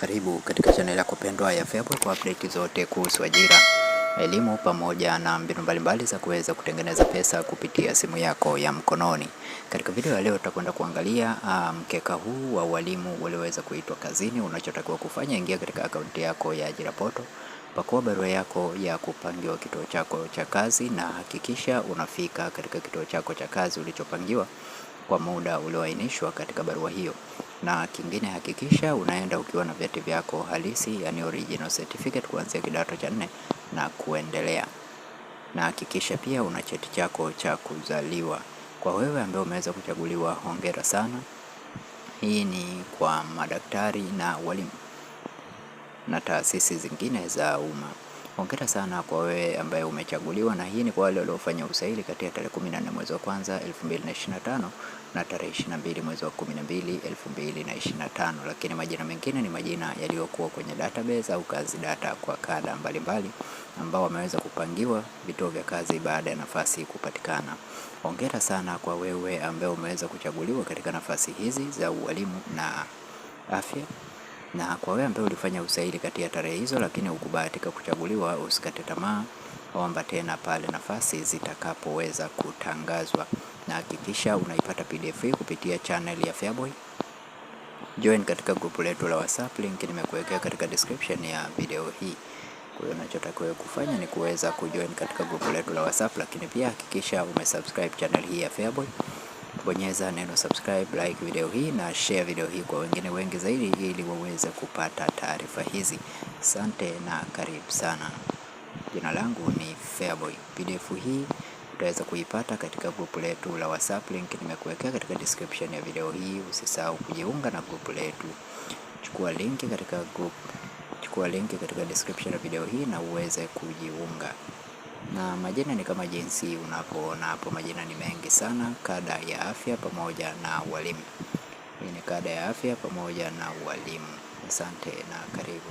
Karibu katika channel yako pendwa ya Feaboy kwa update zote kuhusu ajira, elimu pamoja na mbinu mbalimbali za kuweza kutengeneza pesa kupitia simu yako ya mkononi. Katika video ya leo tutakwenda kuangalia ah, mkeka um, huu wa walimu walioweza kuitwa kazini. Unachotakiwa kufanya, ingia katika akaunti yako ya ajira poto, pakua barua yako ya kupangiwa kituo chako cha kazi, na hakikisha unafika katika kituo chako cha kazi ulichopangiwa kwa muda ulioainishwa katika barua hiyo na kingine hakikisha unaenda ukiwa na vyeti vyako halisi, yani original certificate kuanzia kidato cha nne na kuendelea, na hakikisha pia una cheti chako cha kuzaliwa. Kwa wewe ambaye umeweza kuchaguliwa, hongera sana. Hii ni kwa madaktari na walimu na taasisi zingine za umma. Hongera sana kwa wewe ambaye umechaguliwa, na hii ni kwa wale waliofanya usaili kati ya tarehe 14 mwezi wa kwanza 2025 na tarehe 22 mwezi wa 12 2025. Lakini majina mengine ni majina yaliyokuwa kwenye database au kazi data kwa kada mbalimbali ambao wameweza kupangiwa vituo vya kazi baada ya nafasi kupatikana. Hongera sana kwa wewe ambaye umeweza kuchaguliwa katika nafasi hizi za ualimu na afya. Na kwa wewe ambaye ulifanya usaili kati ya tarehe hizo, lakini hukubahatika kuchaguliwa, usikate tamaa, omba tena pale nafasi zitakapoweza kutangazwa, na hakikisha unaipata PDF hii kupitia channel ya Feaboy. Join katika grupu letu la WhatsApp, link nimekuwekea katika description ya video hii. Kwa hiyo unachotakiwa kufanya ni kuweza kujoin katika grupu letu la WhatsApp, lakini pia hakikisha umesubscribe channel hii ya Feaboy bonyeza neno subscribe, like video hii na share video hii kwa wengine wengi zaidi, ili waweze kupata taarifa hizi. Asante na karibu sana. Jina langu ni Feaboy. PDF hii utaweza kuipata katika grupu letu la WhatsApp, link nimekuwekea katika description ya video hii. Usisahau kujiunga na grupu letu, chukua link katika grupu, chukua link katika description ya video hii na uweze kujiunga na majina ni kama jinsi unapoona hapo, majina ni mengi sana. Kada ya afya pamoja na walimu. Hii ni kada ya afya pamoja na walimu. Asante na karibu.